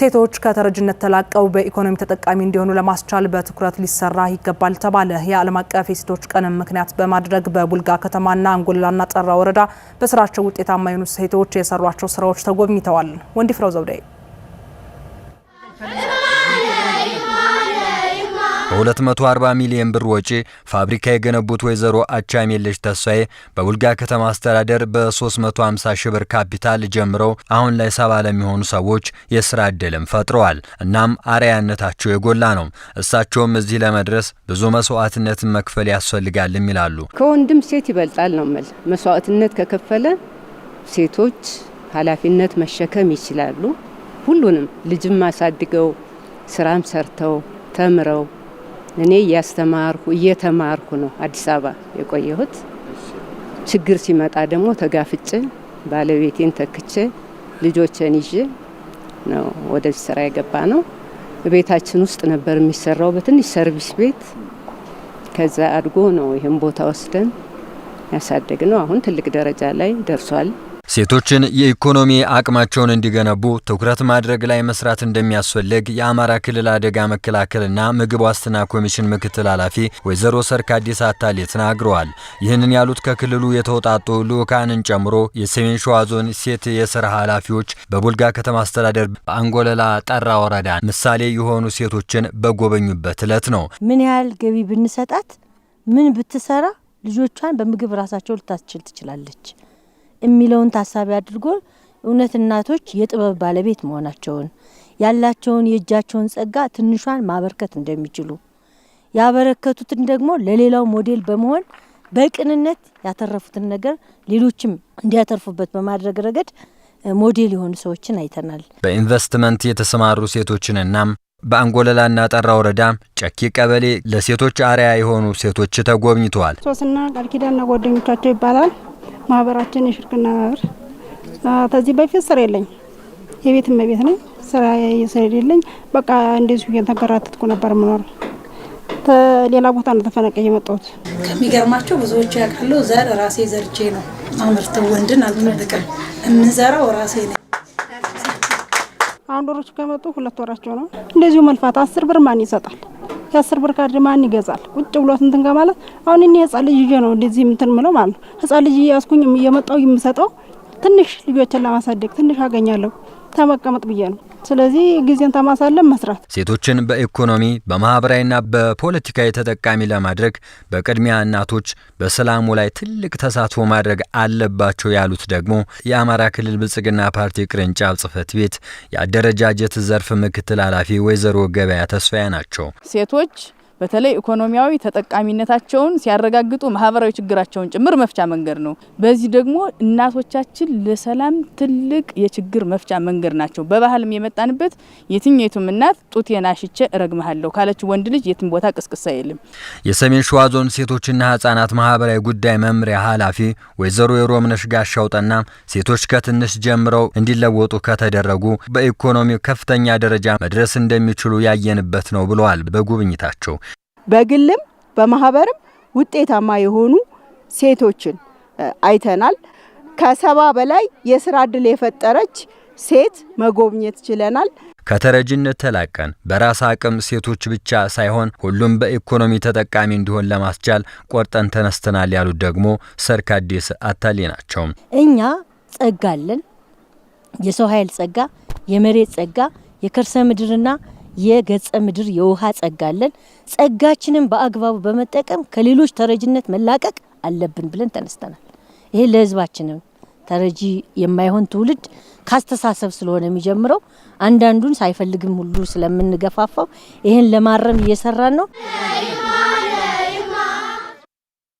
ሴቶች ከተረጅነት ተላቀው በኢኮኖሚ ተጠቃሚ እንዲሆኑ ለማስቻል በትኩረት ሊሰራ ይገባል ተባለ። የዓለም አቀፍ የሴቶች ቀንን ምክንያት በማድረግ በቡልጋ ከተማና አንጎላና ጠራ ወረዳ በስራቸው ውጤታማ የሆኑ ሴቶች የሰሯቸው ስራዎች ተጎብኝተዋል። ወንዲ ፍረው ዘውዳይ 240 ሚሊዮን ብር ወጪ ፋብሪካ የገነቡት ወይዘሮ አቻሜለች ተስፋዬ በቡልጋ ከተማ አስተዳደር በ350 ሺህ ብር ካፒታል ጀምረው አሁን ላይ ሰባ ለሚሆኑ ሰዎች የስራ ዕድልም ፈጥረዋል። እናም አርያነታቸው የጎላ ነው። እሳቸውም እዚህ ለመድረስ ብዙ መስዋዕትነትን መክፈል ያስፈልጋልም ይላሉ። ከወንድም ሴት ይበልጣል ነው ምል መስዋዕትነት ከከፈለ ሴቶች ኃላፊነት መሸከም ይችላሉ። ሁሉንም ልጅም አሳድገው ስራም ሰርተው ተምረው እኔ እያስተማርኩ እየተማርኩ ነው አዲስ አበባ የቆየሁት። ችግር ሲመጣ ደግሞ ተጋፍጬ ባለቤቴን ተክቼ ልጆችን ይዤ ነው ወደዚህ ስራ የገባ ነው። ቤታችን ውስጥ ነበር የሚሰራው በትንሽ ሰርቪስ ቤት። ከዛ አድጎ ነው ይህም ቦታ ወስደን ያሳደግ ነው። አሁን ትልቅ ደረጃ ላይ ደርሷል። ሴቶችን የኢኮኖሚ አቅማቸውን እንዲገነቡ ትኩረት ማድረግ ላይ መስራት እንደሚያስፈልግ የአማራ ክልል አደጋ መከላከልና ምግብ ዋስትና ኮሚሽን ምክትል ኃላፊ ወይዘሮ ሰርካዲስ አታሌ ተናግረዋል። ይህንን ያሉት ከክልሉ የተውጣጡ ልዑካንን ጨምሮ የሰሜን ሸዋ ዞን ሴት የስራ ኃላፊዎች በቡልጋ ከተማ አስተዳደር በአንጎለላ ጠራ ወረዳ ምሳሌ የሆኑ ሴቶችን በጎበኙበት እለት ነው። ምን ያህል ገቢ ብንሰጣት ምን ብትሰራ ልጆቿን በምግብ ራሳቸው ልታስችል ትችላለች የሚለውን ታሳቢ አድርጎ እውነት እናቶች የጥበብ ባለቤት መሆናቸውን ያላቸውን የእጃቸውን ጸጋ ትንሿን ማበርከት እንደሚችሉ ያበረከቱትን ደግሞ ለሌላው ሞዴል በመሆን በቅንነት ያተረፉትን ነገር ሌሎችም እንዲያተርፉበት በማድረግ ረገድ ሞዴል የሆኑ ሰዎችን አይተናል። በኢንቨስትመንት የተሰማሩ ሴቶችንና በአንጎለላና ጠራ ወረዳ ጨኪ ቀበሌ ለሴቶች አርያ የሆኑ ሴቶች ተጎብኝተዋል። ሶስና ቃልኪዳና ጓደኞቻቸው ይባላል። ማህበራችን የሽርክና ማህበር ከዚህ በፊት ስራ የለኝ የቤት እመቤት ነኝ። ስራ ስለሌለኝ በቃ እንደዚሁ እየተንከራተትኩ ነበር ምኖር ሌላ ቦታ ነው ተፈነቀ የመጣሁት። ከሚገርማቸው ብዙዎች ያውቃሉ። ዘር ራሴ ዘርቼ ነው አምርተው ወንድን አልጠብቅም። የምንዘራው ራሴ ነው። አንድ ወሮች ከመጡ ሁለት ወራቸው ነው። እንደዚሁ መልፋት አስር ብር ማን ይሰጣል? የአስር ብር ካርድ ማን ይገዛል? ቁጭ ብሎ እንትን ከማለት አሁን እኔ ህጻን ልጅ ይዤ ነው እንደዚህ እንትን ምለው ማለት ነው። ህጻን ልጅ እያስኩኝ እየመጣው የምሰጠው ትንሽ ልጆችን ለማሳደግ ትንሽ አገኛለሁ ተመቀመጥ ብዬ ነው። ስለዚህ ጊዜን ተማሳለን መስራት። ሴቶችን በኢኮኖሚ በማህበራዊና በፖለቲካዊ ተጠቃሚ ለማድረግ በቅድሚያ እናቶች በሰላሙ ላይ ትልቅ ተሳትፎ ማድረግ አለባቸው ያሉት ደግሞ የአማራ ክልል ብልጽግና ፓርቲ ቅርንጫፍ ጽህፈት ቤት የአደረጃጀት ዘርፍ ምክትል ኃላፊ ወይዘሮ ገበያ ተስፋያ ናቸው። ሴቶች በተለይ ኢኮኖሚያዊ ተጠቃሚነታቸውን ሲያረጋግጡ ማህበራዊ ችግራቸውን ጭምር መፍቻ መንገድ ነው። በዚህ ደግሞ እናቶቻችን ለሰላም ትልቅ የችግር መፍቻ መንገድ ናቸው። በባህልም የመጣንበት የትኛይቱም እናት ጡቴን አሽቼ እረግመሃለሁ ካለች ወንድ ልጅ የትም ቦታ ቅስቅሳ የለም። የሰሜን ሸዋ ዞን ሴቶችና ህጻናት ማህበራዊ ጉዳይ መምሪያ ኃላፊ ወይዘሮ የሮምነሽ ጋሻውጠና ሴቶች ከትንሽ ጀምረው እንዲለወጡ ከተደረጉ በኢኮኖሚ ከፍተኛ ደረጃ መድረስ እንደሚችሉ ያየንበት ነው ብለዋል በጉብኝታቸው በግልም በማህበርም ውጤታማ የሆኑ ሴቶችን አይተናል። ከሰባ በላይ የስራ እድል የፈጠረች ሴት መጎብኘት ችለናል። ከተረጅነት ተላቀን በራስ አቅም ሴቶች ብቻ ሳይሆን ሁሉም በኢኮኖሚ ተጠቃሚ እንዲሆን ለማስቻል ቆርጠን ተነስተናል ያሉት ደግሞ ሰርክ አታሌ ናቸው። እኛ ጸጋ አለን። የሰው ኃይል ጸጋ፣ የመሬት ጸጋ፣ የከርሰ ምድርና የገጸ ምድር የውሃ ጸጋ አለን። ጸጋችንን በአግባቡ በመጠቀም ከሌሎች ተረጅነት መላቀቅ አለብን ብለን ተነስተናል። ይሄ ለህዝባችንም ተረጂ የማይሆን ትውልድ ካስተሳሰብ ስለሆነ የሚጀምረው አንዳንዱን ሳይፈልግም ሁሉ ስለምንገፋፋው ይህን ለማረም እየሰራን ነው።